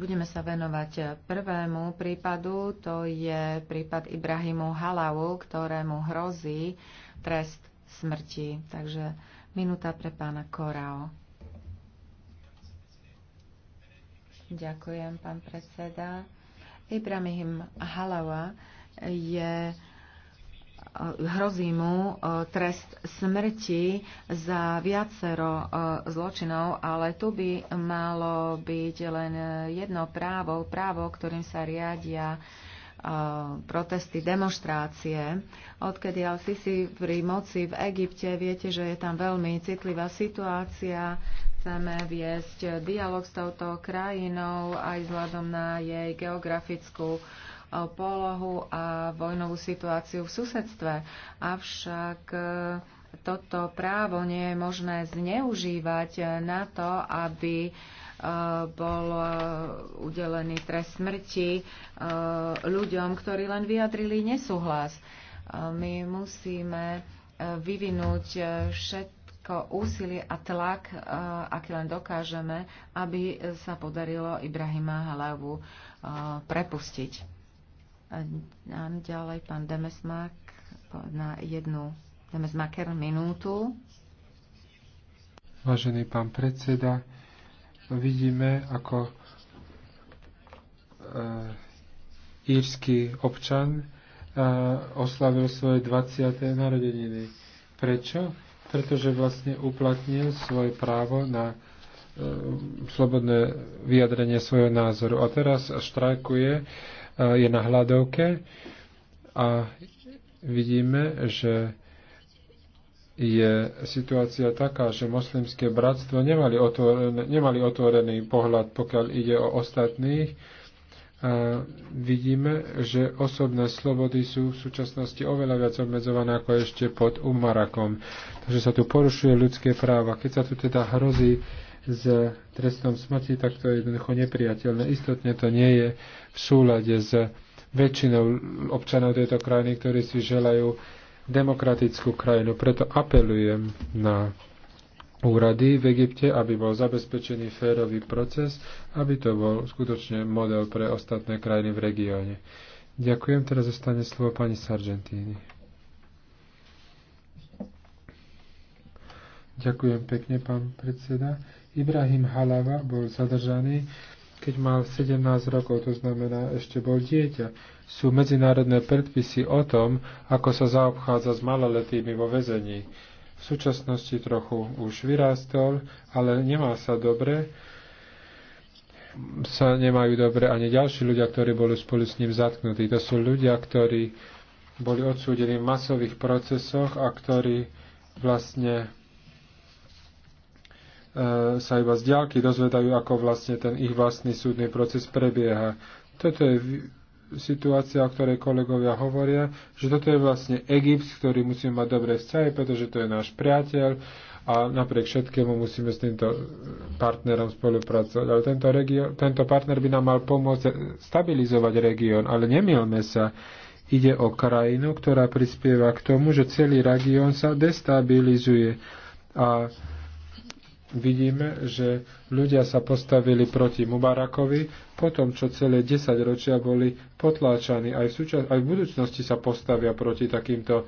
Budeme sa venovať e, prvému prípadu, to je prípad Ibrahimu Halavu, ktorému hrozí trest smrti. Takže minúta pre pána Korao. Ďakujem, pán predseda. Ibrahim Halawa je Eh, hrozí mu eh, trest smrti za viacero eh, zločinov, ale tu by malo byť len jedno právo, právo, ktorým sa riadia protesty, demonstrácie. Odkedy si si pri moci v Egypte, viete, že je tam veľmi citlivá situácia. Chceme viesť dialog s touto krajinou aj vzhľadom na jej geografickú uh, polohu a vojnovú situáciu v susedstve. Avšak e, toto právo nie je možné zneužívať na to, aby e, bol e, udelený trest smrti ľuďom, ktorí len vyjadrili nesúhlas. My musíme vyvinúť všetko úsilie a tlak, aký len dokážeme, aby sa podarilo Ibrahima Halavu prepustiť nám ďalej pán Demesmak na jednu Demesmaker minútu. Vážený pán predseda, vidíme, ako e, írsky občan e, oslavil svoje 20. narodeniny. Prečo? Pretože vlastne uplatnil svoje právo na e, slobodné vyjadrenie svojho názoru. A teraz štrajkuje je na hľadovke a vidíme, že je situácia taká, že moslimské bratstvo nemali, otvorený, nemali otvorený pohľad, pokiaľ ide o ostatných. A vidíme, že osobné slobody sú v súčasnosti oveľa viac obmedzované ako ešte pod Umarakom. Takže sa tu porušuje ľudské práva. Keď sa tu teda hrozí s trestom smrti, tak to je jednoducho nepriateľné. Istotne to nie je uh, v súlade s väčšinou občanov tejto krajiny, ktorí si želajú demokratickú krajinu. Preto apelujem na úrady v Egypte, aby bol zabezpečený férový proces, aby to bol skutočne model pre ostatné krajiny v regióne. Ďakujem, teraz zostane slovo pani Sargentini. Ďakujem pekne, pán predseda. Ibrahim Halava bol zadržaný keď mal 17 rokov, to znamená ešte bol dieťa. Sú medzinárodné predpisy o tom, ako sa zaobchádza s maloletými vo väzení. V súčasnosti trochu už vyrástol, ale nemá sa dobre. Sa nemajú dobre ani ďalší ľudia, ktorí boli spolu s ním zatknutí. To sú ľudia, ktorí boli odsúdení v masových procesoch a ktorí vlastne E, sa iba z diálky dozvedajú, ako vlastne ten ich vlastný súdny proces prebieha. Toto je situácia, o ktorej kolegovia hovoria, že toto je vlastne Egypt, ktorý musíme mať dobré vzťahy, pretože to je náš priateľ a napriek všetkému musíme s týmto partnerom spolupracovať. Ale tento, regio- tento partner by nám mal pomôcť stabilizovať región, ale nemilme sa. Ide o krajinu, ktorá prispieva k tomu, že celý región sa destabilizuje. A vidíme, že ľudia sa postavili proti Mubarakovi, potom čo celé 10 ročia boli potláčaní. Aj v, súčas- aj v budúcnosti sa postavia proti takýmto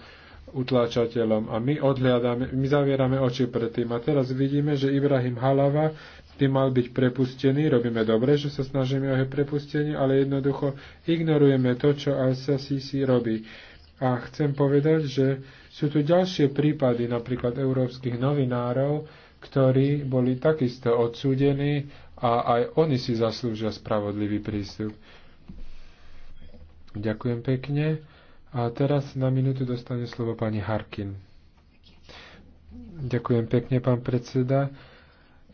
utláčateľom. A my odhľadáme, my zavierame oči pred tým. A teraz vidíme, že Ibrahim Halava by mal byť prepustený. Robíme dobre, že sa snažíme o jeho prepustenie, ale jednoducho ignorujeme to, čo sa CC robí. A chcem povedať, že sú tu ďalšie prípady, napríklad európskych novinárov, ktorí boli takisto odsúdení a aj oni si zaslúžia spravodlivý prístup. Ďakujem pekne. A teraz na minútu dostane slovo pani Harkin. Ďakujem pekne, pán predseda.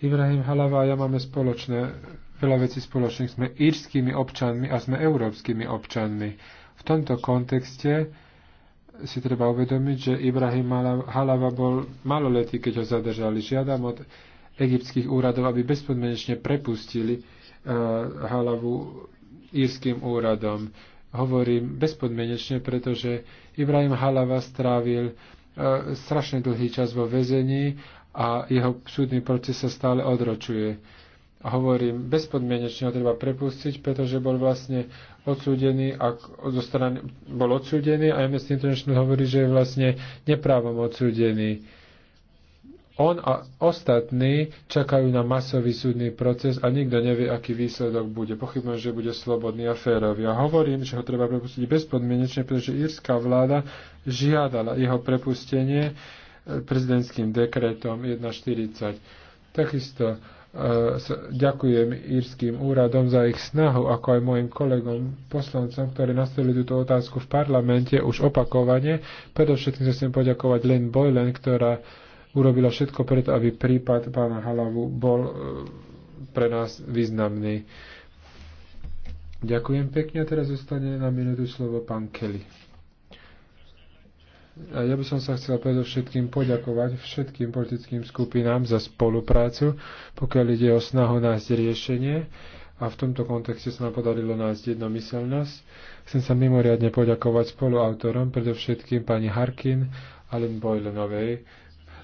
Ibrahim Halava a ja máme spoločné, veľa vecí spoločných. Sme írskými občanmi a sme európskymi občanmi. V tomto kontexte si treba uvedomiť, že Ibrahim Halava bol maloletý, keď ho zadržali. Žiadam od egyptských úradov, aby bezpodmenečne prepustili eh, Halavu írským úradom. Hovorím bezpodmenečne, pretože Ibrahim Halava strávil eh, strašne dlhý čas vo väzení a jeho súdny proces sa stále odročuje hovorím, bezpodmienečne ho treba prepustiť, pretože bol vlastne odsúdený, a zo strany, bol odsúdený a Amnesty International hovorí, že je vlastne neprávom odsúdený. On a ostatní čakajú na masový súdny proces a nikto nevie, aký výsledok bude. Pochybujem, že bude slobodný a férový. A hovorím, že ho treba prepustiť bezpodmienečne, pretože írska vláda žiadala jeho prepustenie eh, prezidentským dekretom 140. Takisto E, ďakujem írským úradom za ich snahu, ako aj mojim kolegom poslancom, ktorí nastavili túto otázku v parlamente už opakovane. Predovšetkým sa chcem poďakovať Len Boylen, ktorá urobila všetko preto, aby prípad pána Halavu bol e, pre nás významný. Ďakujem pekne a teraz zostane na minútu slovo pán Kelly. Ja by som sa chcel predovšetkým poďakovať všetkým politickým skupinám za spoluprácu, pokiaľ ide o snahu nájsť riešenie a v tomto kontexte sa nám podarilo nájsť jednomyselnosť. Chcem sa mimoriadne poďakovať spoluautorom, predovšetkým pani Harkin a Lynn Boylenovej.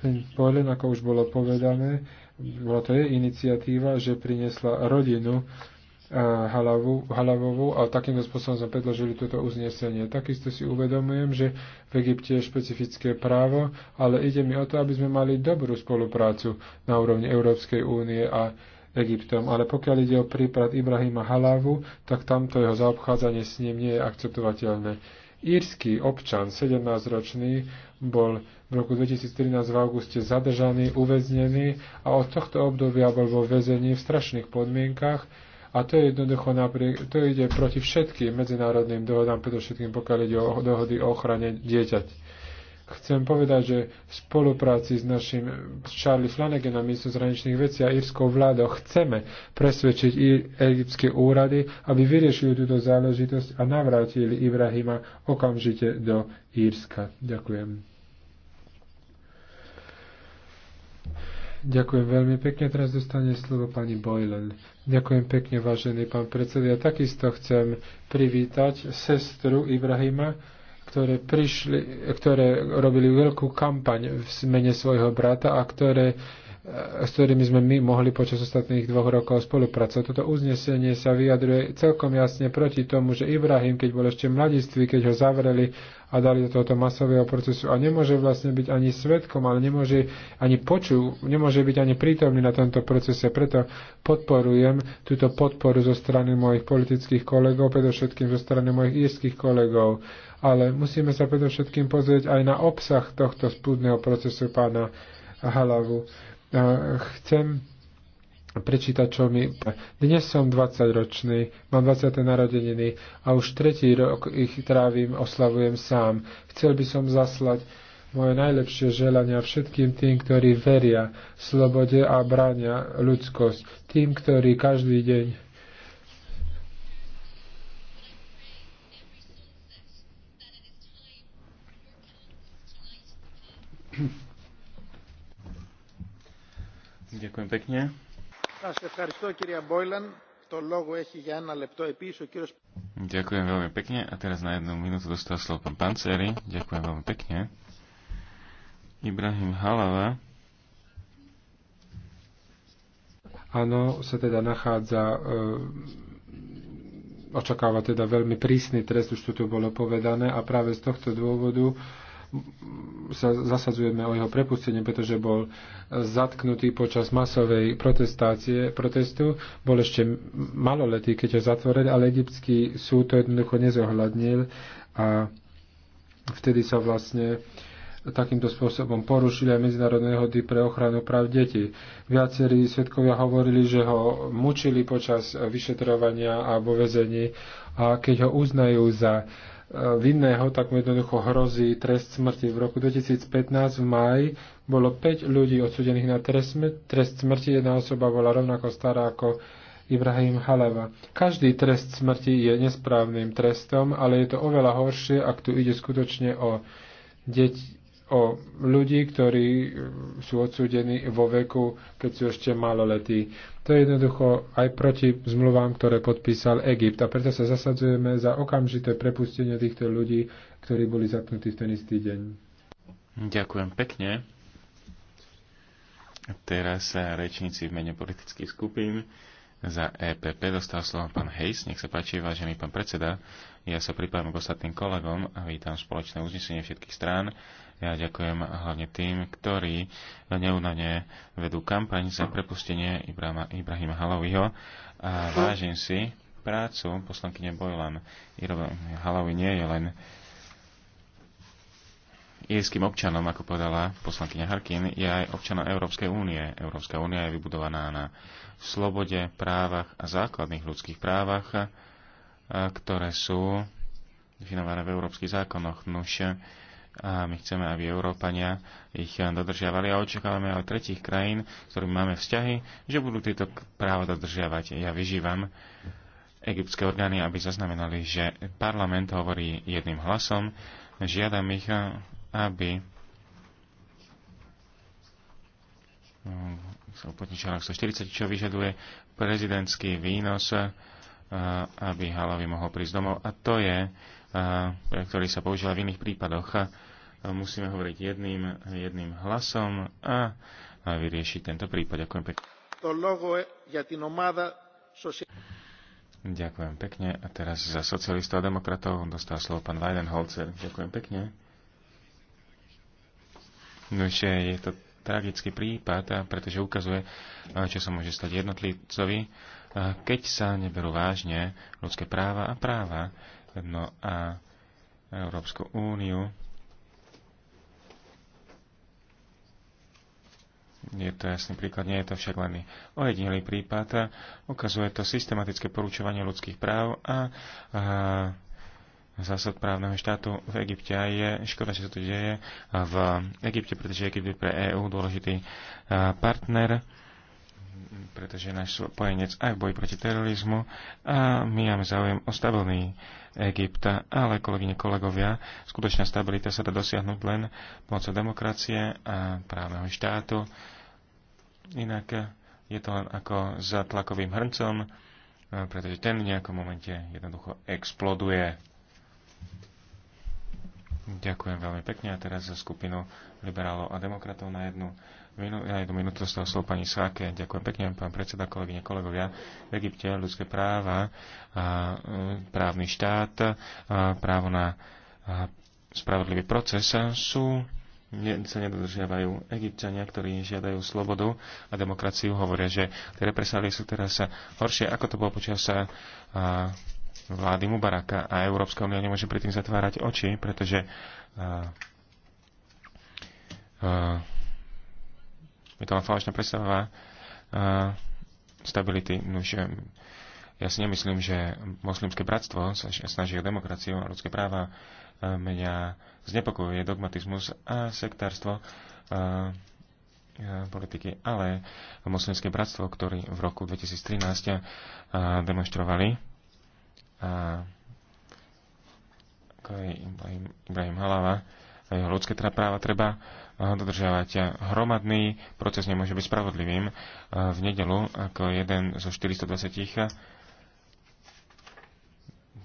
Lynn Boylen, ako už bolo povedané, bola to jej iniciatíva, že priniesla rodinu Halavu, a takýmto spôsobom sme predložili toto uznesenie. Takisto si uvedomujem, že v Egypte je špecifické právo, ale ide mi o to, aby sme mali dobrú spoluprácu na úrovni Európskej únie a Egyptom. Ale pokiaľ ide o prípad Ibrahima Halavu, tak tamto jeho zaobchádzanie s ním nie je akceptovateľné. Írsky občan, 17-ročný, bol v roku 2013 v auguste zadržaný, uväznený a od tohto obdobia bol vo väzení v strašných podmienkach a to je jednoducho napriek, to ide proti všetkým medzinárodným dohodám, predovšetkým pokiaľ ide o dohody o ochrane dieťať. Chcem povedať, že v spolupráci s našim Charlie Flanaganom, ministrom zraničných vecí a írskou vládou chceme presvedčiť egyptské úrady, aby vyriešili túto záležitosť a navrátili Ibrahima okamžite do Írska. Ďakujem. Ďakujem veľmi pekne. Teraz dostane slovo pani Boylen. Ďakujem pekne, vážený pán predseda. Ja takisto chcem privítať sestru Ibrahima, ktoré, prišli, ktoré robili veľkú kampaň v mene svojho brata a ktoré e, s ktorými sme my mohli počas ostatných dvoch rokov spolupracovať. Toto uznesenie sa vyjadruje celkom jasne proti tomu, že Ibrahim, keď bol ešte mladiství, keď ho zavreli, a dali do tohoto masového procesu. A nemôže vlastne byť ani svetkom, ale nemôže ani počuť, nemôže byť ani prítomný na tomto procese. Preto podporujem túto podporu zo strany mojich politických kolegov, predovšetkým zo strany mojich írskych kolegov. Ale musíme sa predovšetkým pozrieť aj na obsah tohto spúdneho procesu pána Halavu. Chcem mi... Dnes som 20-ročný, mám 20. narodeniny a už tretí rok ich trávim, oslavujem sám. Chcel by som zaslať moje najlepšie želania všetkým tým, ktorí veria slobode a bránia ľudskosť. Tým, ktorí každý deň Ďakujem pekne. Ďakujem veľmi pekne a teraz na jednu minútu dostal slovo pán Panceri. Ďakujem veľmi pekne. Ibrahim Halava. Áno, sa teda nachádza, e, očakáva teda veľmi prísny trest, už to tu bolo povedané, a práve z tohto dôvodu sa zasadzujeme o jeho prepustenie, pretože bol zatknutý počas masovej protestácie, protestu. Bol ešte maloletý, keď ho zatvorili, ale egyptský súd to jednoducho nezohľadnil a vtedy sa vlastne takýmto spôsobom porušili aj medzinárodné hody pre ochranu práv detí. Viacerí svetkovia hovorili, že ho mučili počas vyšetrovania a vo vezení a keď ho uznajú za uh, vinného, tak mu jednoducho hrozí trest smrti. V roku 2015 v maji bolo 5 ľudí odsudených na trest, trest smrti. Jedna osoba bola rovnako stará ako Ibrahim Haleva. Každý trest smrti je nesprávnym trestom, ale je to oveľa horšie, ak tu ide skutočne o deti, o ľudí, ktorí e, sú odsúdení vo veku, keď sú ešte maloletí. To je jednoducho aj proti zmluvám, ktoré podpísal Egypt. A preto sa zasadzujeme za okamžité prepustenie týchto ľudí, ktorí boli zatknutí v ten istý deň. Ďakujem pekne. Teraz sa rečníci v mene politických skupín za EPP dostal slovo pán Hejs. Nech sa páči, vážený pán predseda. Ja sa pripájam k ostatným kolegom a vítam spoločné uznesenie všetkých strán ja ďakujem hlavne tým, ktorí neunane vedú kampaň za prepustenie Ibrahima, Ibrahima Halovýho. a vážim si prácu poslankyne Bojlan. Halový nie je len írským občanom, ako povedala poslankyňa Harkin, je aj občanom Európskej únie. Európska únia je vybudovaná na slobode, právach a základných ľudských právach, ktoré sú definované v európskych zákonoch. Nuž a my chceme, aby Európania ich dodržiavali a očakávame od tretich krajín, s ktorými máme vzťahy, že budú tieto práva dodržiavať. Ja vyžívam egyptské orgány, aby zaznamenali, že parlament hovorí jedným hlasom. Žiadam ich, aby sa uplatní článok 140, čo vyžaduje prezidentský výnos, aby halovi mohol prísť domov. A to je ktorý sa používa v iných prípadoch. Musíme hovoriť jedným, jedným hlasom a vyriešiť tento prípad. Ďakujem pekne. Ďakujem pekne. A teraz za socialistov a demokratov dostal slovo pán Weidenholzer. Ďakujem pekne. No, že je to tragický prípad, pretože ukazuje, čo sa môže stať jednotlivcovi, keď sa neberú vážne ľudské práva a práva No a Európsku úniu. Je to jasný príklad, nie je to však len ojedinelý prípad. Ukazuje to systematické porúčovanie ľudských práv a, a zásad právneho štátu v Egypte a je škoda, že sa to deje v Egypte, pretože Egypt je pre EÚ dôležitý partner pretože je náš spojenec aj v boji proti terorizmu a my máme záujem o stabilný Egypta, ale kolegyne, kolegovia, skutočná stabilita sa dá dosiahnuť len pomocou demokracie a právneho štátu. Inak je to len ako za tlakovým hrncom, pretože ten v nejakom momente jednoducho exploduje. Ďakujem veľmi pekne a teraz za skupinu liberálov a demokratov na jednu ja jednu minútu dostal slovo pani Sáke. Ďakujem pekne, pán predseda, kolegyne, kolegovia. V Egypte ľudské práva, e, právny štát, právo na spravodlivý proces sú sa nedodržiavajú. Egyptiania, ktorí žiadajú slobodu a demokraciu, hovoria, že tie represálie sú teraz horšie, ako to bolo počas vlády Mubaraka. A Európska únia nemôže pri tým zatvárať oči, pretože a, a, je to len falošná predstava eh, stability. Nože, ja si nemyslím, že moslimské bratstvo sa snaží o demokraciu a ľudské práva. Eh, mňa znepokojuje dogmatizmus a sektárstvo eh, politiky, ale moslimské bratstvo, ktorí v roku 2013 demonstrovali a Ibrahim Halava, ľudské teda práva treba dodržiavať. Hromadný proces nemôže byť spravodlivým. V nedelu ako jeden zo 420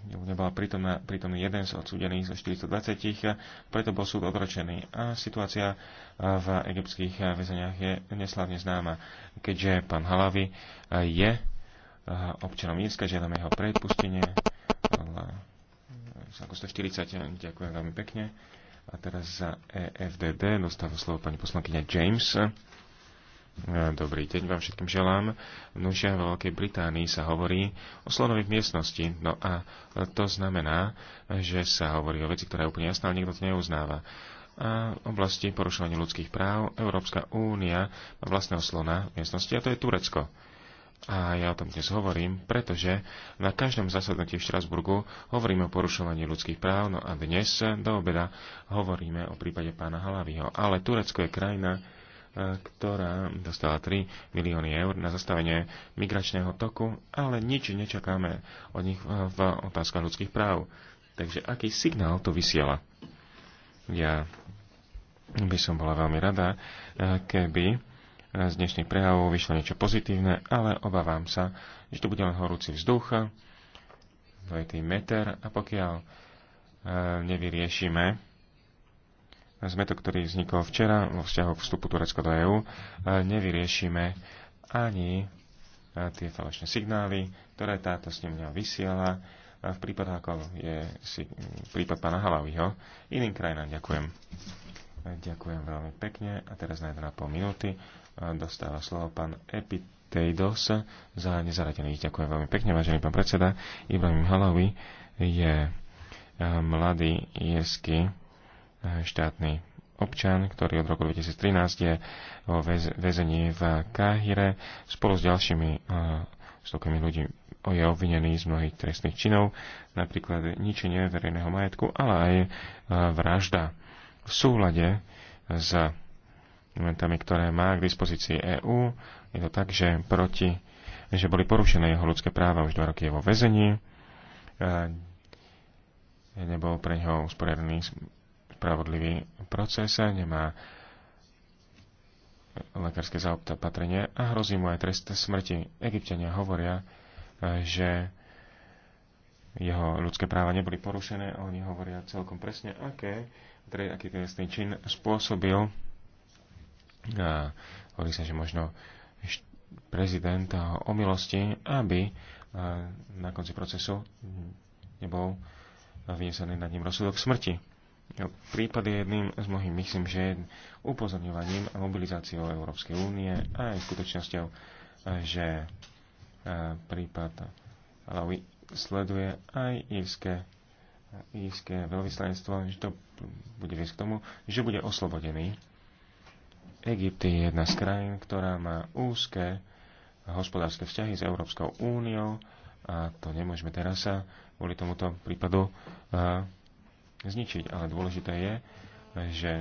nebola prítomná, prítomný jeden z odsúdených zo 420, preto bol súd odročený. A situácia v egyptských väzeniach je neslavne známa, keďže pán Halavi je občanom Írska, žiadame jeho prepustenie. 140, ďakujem veľmi pekne. A teraz za EFDD dostáva slovo pani poslankyňa James. E, dobrý deň vám všetkým želám. Nužia no vo Veľkej Británii sa hovorí o slonových miestnosti. No a to znamená, že sa hovorí o veci, ktorá je úplne jasná, ale nikto to neuznáva. A oblasti porušovania ľudských práv Európska únia má vlastného slona v miestnosti a to je Turecko. A ja o tom dnes hovorím, pretože na každom zasadnutí v Štrasburgu hovoríme o porušovaní ľudských práv, no a dnes do obeda hovoríme o prípade pána Halavyho. Ale Turecko je krajina, e, ktorá dostala 3 milióny eur na zastavenie migračného toku, ale nič nečakáme od nich v otázkach ľudských práv. Takže aký signál to vysiela? Ja by som bola veľmi rada, e, keby z dnešných prejavov vyšlo niečo pozitívne, ale obávam sa, že to bude len horúci vzduch, dvojitý meter a pokiaľ e, nevyriešime zmetok, ktorý vznikol včera vo vzťahu k vstupu Turecka do EÚ, e, nevyriešime ani e, tie falošné signály, ktoré táto snemňa vysiela v prípadoch, ako je prípad pána Halaviho. Iným krajinám ďakujem. Ďakujem veľmi pekne a teraz na 1,5 minúty dostáva slovo pán Epiteidos za nezaradených. Ďakujem veľmi pekne, vážený pán predseda. Ibrahim Halawi je eh, mladý jesky eh, štátny občan, ktorý od roku 2013 je vo väzení v Káhire spolu s ďalšími eh, stokami ľudí je obvinený z mnohých trestných činov, napríklad ničenie verejného majetku, ale aj vražda. V súlade s elementami, ktoré má k dispozícii EÚ. Je to tak, že proti, že boli porušené jeho ľudské práva, už dva roky je vo väzení. E, nebol pre neho usporiadaný spravodlivý proces, nemá lekárske zaopatrenie a hrozí mu aj trest smrti. Egyptiania hovoria, e, že jeho ľudské práva neboli porušené, oni hovoria celkom presne, aké, aký trestný čin spôsobil a hovorí sa, že možno prezident o milosti, aby na konci procesu nebol vynesený nad ním rozsudok smrti. Prípad je jedným z mnohých, myslím, že upozorňovaním a mobilizáciou Európskej únie a aj skutočnosťou, že prípad Alawi sleduje aj írske, írske veľvyslanectvo, že to bude viesť k tomu, že bude oslobodený Egypt je jedna z krajín, ktorá má úzke hospodárske vzťahy s Európskou úniou a to nemôžeme teraz sa kvôli tomuto prípadu a, eh, zničiť. Ale dôležité je, že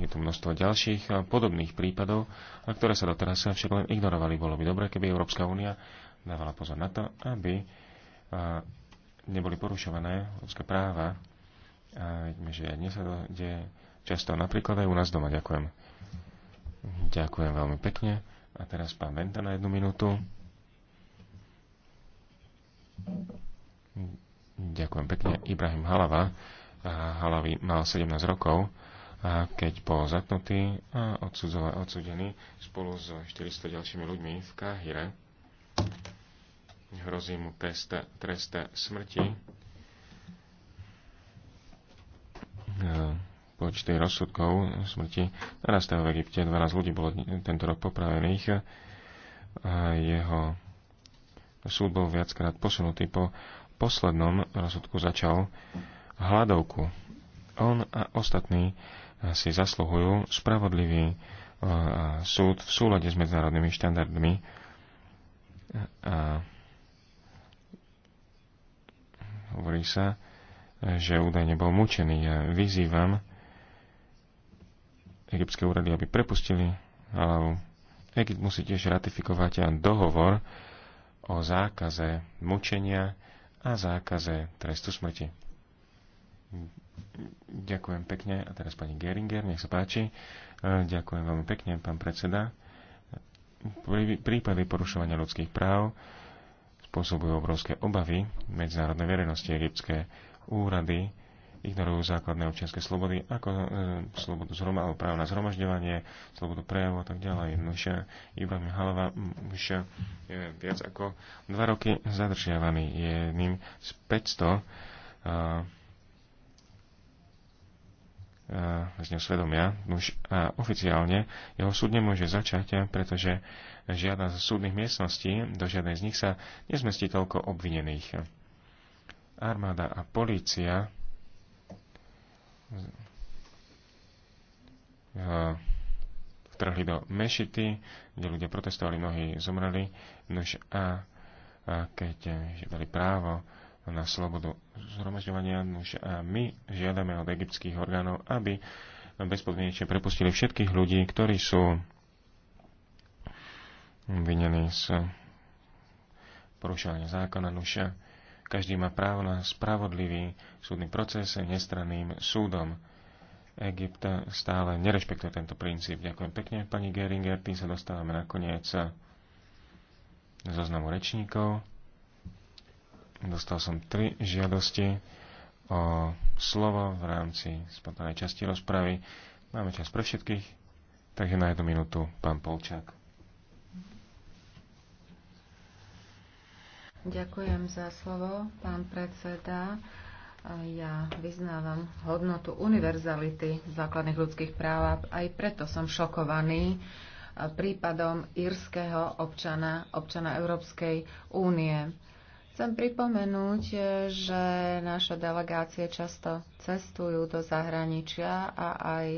je tu množstvo ďalších eh, podobných prípadov, a ktoré sa doteraz však len ignorovali. Bolo by dobré, keby Európska únia dávala pozor na to, aby a, eh, neboli porušované ľudské práva. A vidíme, že dnes sa to deje často napríklad aj u nás doma. Ďakujem. Ďakujem veľmi pekne. A teraz pán Venta na jednu minútu. Ďakujem pekne. Ibrahim Halava. Halavi mal 17 rokov, keď bol zatnutý a odsudený spolu s 400 ďalšími ľuďmi v Káhire. Hrozí mu trest, trest smrti počty rozsudkov smrti narastajú v Egypte. 12 ľudí bolo tento rok popravených. A jeho súd bol viackrát posunutý. Po poslednom rozsudku začal hľadovku. On a ostatní si zasluhujú spravodlivý e, súd v súlade s medzinárodnými štandardmi. A hovorí sa, že údajne bol mučený. Ja vyzývam egyptské úrady, aby prepustili hlavu. Egypt musí tiež ratifikovať aj dohovor o zákaze mučenia a zákaze trestu smrti. Ďakujem pekne. A teraz pani Geringer, nech sa páči. E, ďakujem veľmi pekne, pán predseda. Prípady porušovania ľudských práv spôsobujú obrovské obavy medzinárodnej verejnosti egyptské úrady ignorujú základné občianske slobody, ako e, slobodu zhroma, alebo právo na zhromažďovanie, slobodu prejavu a tak ďalej. Nože Iba Mihalova už je viac ako dva roky zadržiavaný. Je jedným z 500 a, e, e, z ňou svedomia. Už a oficiálne jeho súd nemôže začať, pretože žiadna z súdnych miestností, do žiadnej z nich sa nezmestí toľko obvinených. Armáda a polícia vtrhli do mešity, kde ľudia protestovali, mnohí zomreli, nož a, a keď eh, dali právo na slobodu zhromažďovania, nož a my žiadame od egyptských orgánov, aby bezpodmienečne prepustili všetkých ľudí, ktorí sú vinení z porušovania zákona, nož a každý má právo na spravodlivý súdny proces nestranným súdom. Egypt stále nerešpektuje tento princíp. Ďakujem pekne, pani Geringer. Tým sa dostávame nakoniec zoznamu rečníkov. Dostal som tri žiadosti o slovo v rámci spontánej časti rozpravy. Máme čas pre všetkých, takže na jednu minútu pán Polčák. Ďakujem za slovo, pán predseda. Ja vyznávam hodnotu univerzality základných ľudských práv a aj preto som šokovaný prípadom írskeho občana, občana Európskej únie. Chcem pripomenúť, že naše delegácie často cestujú do zahraničia a aj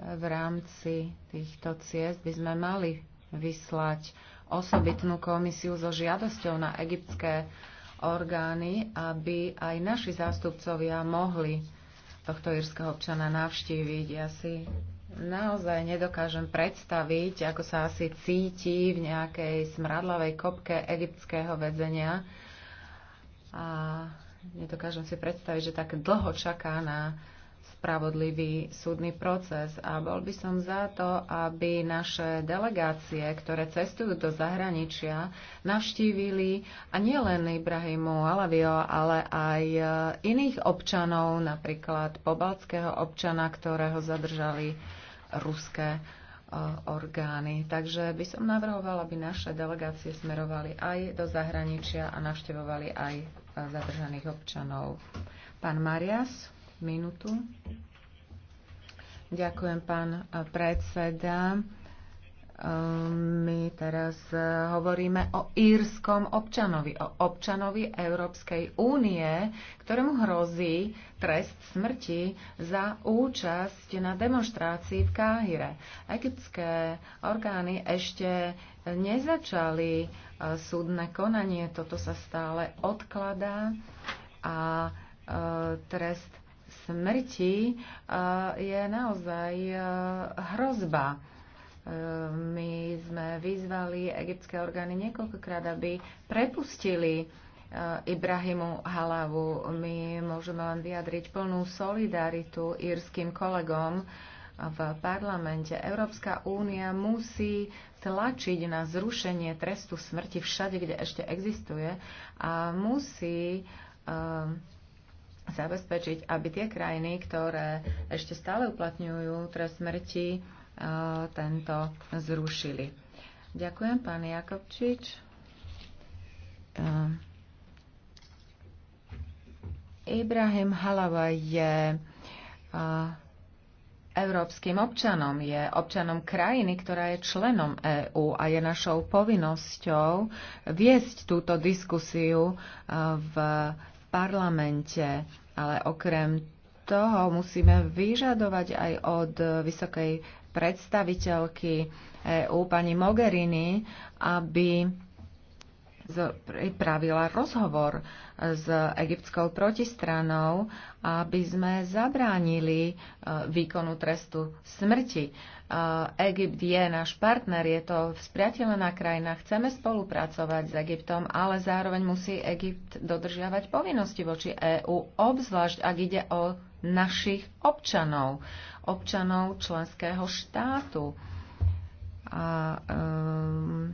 v rámci týchto ciest by sme mali vyslať osobitnú komisiu so žiadosťou na egyptské orgány, aby aj naši zástupcovia mohli tohto írskeho občana navštíviť. Ja si naozaj nedokážem predstaviť, ako sa asi cíti v nejakej smradlavej kopke egyptského vedzenia A nedokážem si predstaviť, že tak dlho čaká na spravodlivý súdny proces a bol by som za to, aby naše delegácie, ktoré cestujú do zahraničia, navštívili a nielen Ibrahimu Alavio, ale aj e, iných občanov, napríklad pobaltského občana, ktorého zadržali ruské e, orgány. Takže by som navrhovala, aby naše delegácie smerovali aj do zahraničia a navštevovali aj e, zadržaných občanov. Pán Marias minútu. Ďakujem, pán eh, predseda. Eh, my teraz eh, hovoríme o írskom občanovi, o občanovi Európskej únie, ktorému hrozí trest smrti za účasť na demonstrácii v Káhire. Egyptské orgány ešte nezačali súdne konanie, toto sa stále odkladá a trest smrti e, je naozaj e, hrozba. E, my sme vyzvali egyptské orgány niekoľkokrát, aby prepustili Ibrahimu Halavu. My môžeme len vyjadriť plnú solidaritu írským kolegom v parlamente. Európska únia musí tlačiť na zrušenie trestu smrti všade, kde ešte existuje a musí uh, zabezpečiť, aby tie krajiny, ktoré ešte stále uplatňujú trest smrti, eh, tento zrušili. Ďakujem, pán Jakobčič. Eh, Ibrahim Halava je eh, európskym občanom, je občanom krajiny, ktorá je členom EÚ a je našou povinnosťou viesť túto diskusiu v parlamente ale okrem toho musíme vyžadovať aj od vysokej predstaviteľky EU pani Mogherini, aby pripravila rozhovor s egyptskou protistranou, aby sme zabránili e, výkonu trestu smrti. Eh, Egypt je náš partner, je to vzpriateľená krajina, chceme spolupracovať s Egyptom, ale zároveň musí Egypt dodržiavať povinnosti voči EÚ, obzvlášť ak ide o našich občanov, občanov členského štátu. A um,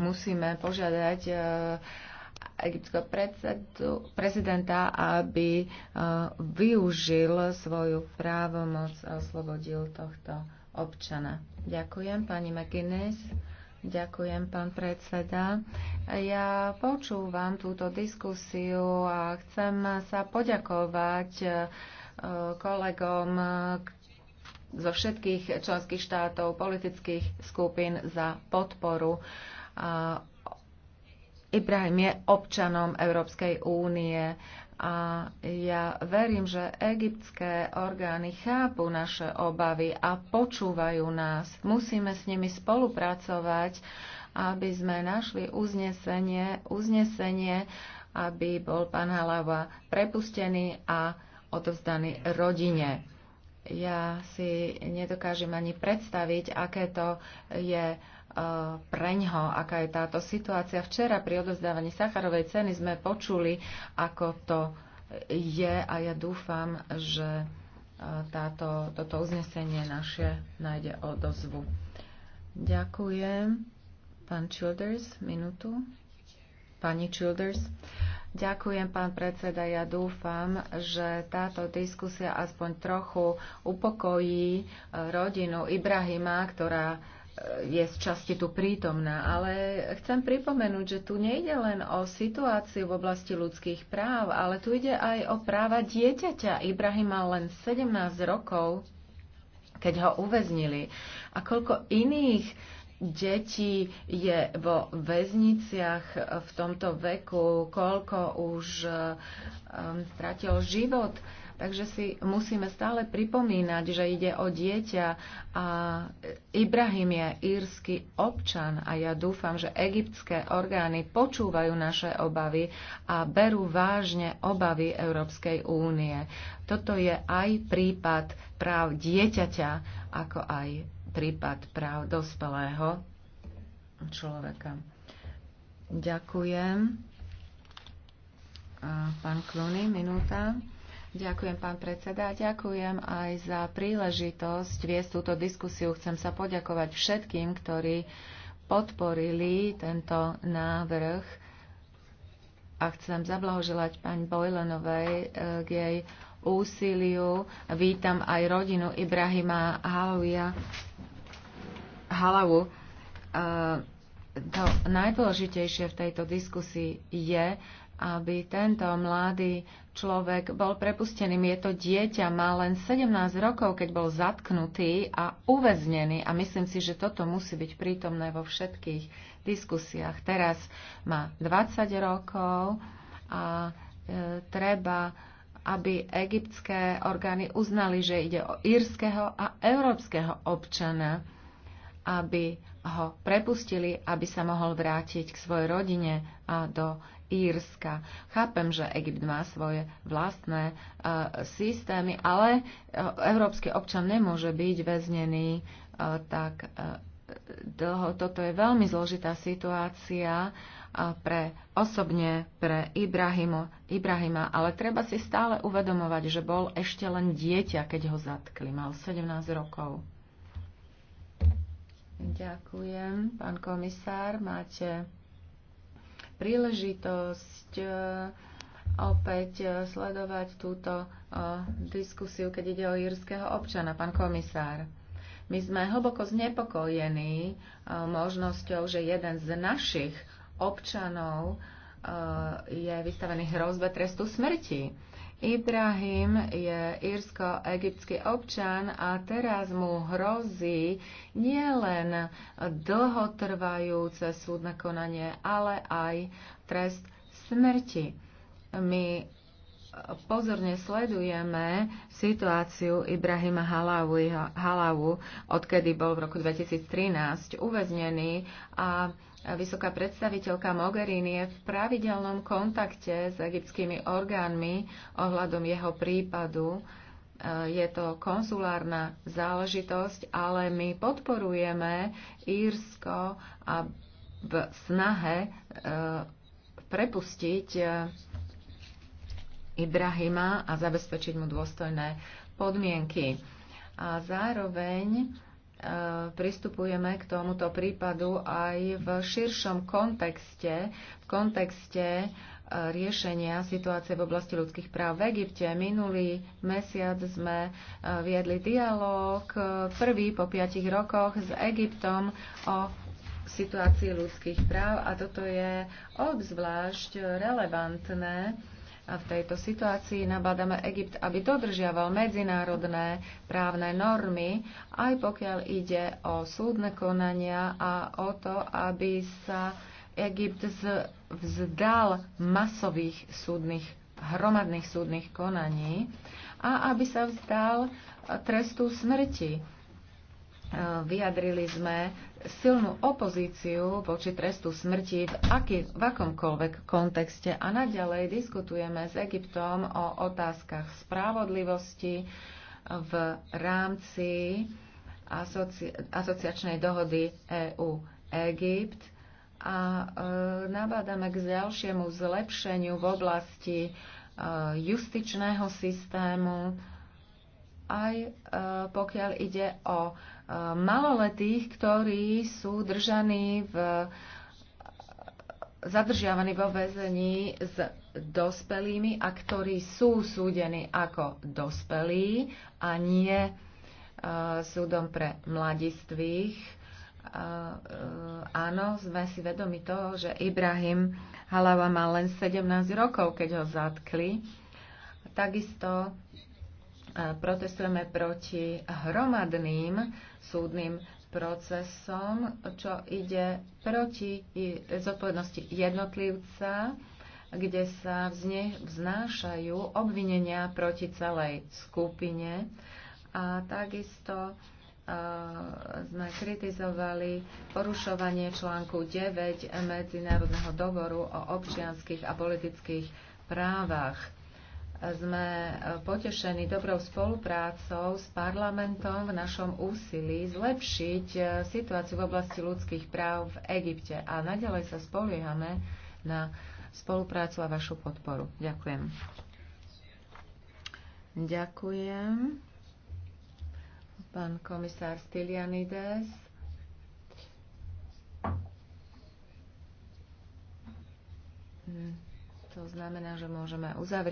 musíme požiadať uh, egyptského prezidenta, aby eh, využil svoju právomoc a oslobodil tohto občana. Ďakujem pani McGuinness. Ďakujem, pán predseda. Ja počúvam túto diskusiu a chcem sa poďakovať e, kolegom zo všetkých členských štátov, politických skupín za podporu. Ibrahim je občanom Európskej únie a ja verím, že egyptské orgány chápu naše obavy a počúvajú nás. Musíme s nimi spolupracovať, aby sme našli uznesenie, uznesenie aby bol pán Halava prepustený a odovzdaný rodine. Ja si nedokážem ani predstaviť, aké to je E, preňho, aká je táto situácia. Včera pri odozdávaní Sacharovej ceny sme počuli, ako to je a ja dúfam, že e, táto, toto uznesenie naše nájde odozvu. Ďakujem. Pán Childers, minútu. Pani Childers. Ďakujem, pán predseda. Ja dúfam, že táto diskusia aspoň trochu upokojí e, rodinu Ibrahima, ktorá je z časti tu prítomná, ale chcem pripomenúť, že tu nejde len o situáciu v oblasti ľudských práv, ale tu ide aj o práva dieťaťa. Ibrahim mal len 17 rokov, keď ho uväznili. A koľko iných detí je vo väzniciach v tomto veku, koľko už um, život. Uh, Takže si musíme stále pripomínať, že ide o dieťa a Ibrahim je írsky občan a ja dúfam, že egyptské orgány počúvajú naše obavy a berú vážne obavy Európskej únie. Toto je aj prípad práv dieťaťa, ako aj prípad práv dospelého človeka. Ďakujem. Pán Kluny, minúta. Ďakujem, pán predseda. Ďakujem aj za príležitosť viesť túto diskusiu. Chcem sa poďakovať všetkým, ktorí podporili tento návrh a chcem zablahoželať pani Bojlenovej eh, k jej úsiliu. Vítam aj rodinu Ibrahima Halavia, Halavu. Eh, to najdôležitejšie v tejto diskusii je, aby tento mladý človek bol prepustený. Je to dieťa, má len 17 rokov, keď bol zatknutý a uväznený. A myslím si, že toto musí byť prítomné vo všetkých diskusiách. Teraz má 20 rokov a e, treba aby egyptské orgány uznali, že ide o írskeho a európskeho občana, aby ho prepustili, aby sa mohol vrátiť k svojej rodine a do Írska. Chápem, že Egypt má svoje vlastné e, systémy, ale e, európsky občan nemôže byť väznený e, tak dlho. Toto je veľmi zložitá situácia pre osobne pre Ibrahimo, Ibrahima, ale treba si stále uvedomovať, že bol ešte len dieťa, keď ho zatkli. Mal 17 rokov. Ďakujem, pán komisár. Máte príležitosť e, opäť e, sledovať túto e, diskusiu, keď ide o írskeho občana, pán komisár. My sme hlboko znepokojení možnosťou, že jeden z našich občanov je vystavený hrozbe trestu smrti Ibrahim je írsko-egyptský občan a teraz mu hrozí nielen dlhotrvajúce súdne konanie, ale aj trest smrti. My pozorne sledujeme situáciu Ibrahima Halavu, odkedy bol v roku 2013 uväznený a vysoká predstaviteľka Mogherini je v pravidelnom kontakte s egyptskými orgánmi ohľadom jeho prípadu. E, je to konzulárna záležitosť, ale my podporujeme Írsko a v snahe e, prepustiť e, Ibrahima a zabezpečiť mu dôstojné podmienky. A zároveň e, pristupujeme k tomuto prípadu aj v širšom kontexte, v kontexte e, riešenia situácie v oblasti ľudských práv v Egypte. Minulý mesiac sme e, viedli dialog prvý po piatich rokoch s Egyptom o situácii ľudských práv a toto je obzvlášť relevantné a v tejto situácii nabádame Egypt, aby dodržiaval medzinárodné právne normy, aj pokiaľ ide o súdne konania a o to, aby sa Egypt vzdal masových súdnych, hromadných súdnych konaní a aby sa vzdal trestu smrti E, vyjadrili sme silnú opozíciu voči trestu smrti v, aký, v akomkoľvek kontexte a naďalej diskutujeme s Egyptom o otázkach spravodlivosti v rámci asoci, asociačnej dohody EU-Egypt a e, nabádame k ďalšiemu zlepšeniu v oblasti e, justičného systému, aj e, pokiaľ ide o e, maloletých, ktorí sú držaní v zadržiavaní vo väzení s dospelými a ktorí sú súdení ako dospelí a nie e, súdom pre mladistvých. E, e, áno, sme si vedomi toho, že Ibrahim Halava mal len 17 rokov, keď ho zatkli. Takisto protestujeme proti hromadným súdnym procesom, čo ide proti zodpovednosti jednotlivca, kde sa vznášajú obvinenia proti celej skupine. A takisto sme kritizovali porušovanie článku 9 Medzinárodného dohovoru o občianských a politických právach sme e, potešení dobrou spoluprácou s parlamentom v našom úsilí zlepšiť e, situáciu v oblasti ľudských práv v Egypte a nadalej sa spoliehame na spoluprácu a vašu podporu. Ďakujem. Ďakujem. Pán komisár Stylianides. To znamená, že môžeme uzavrieť.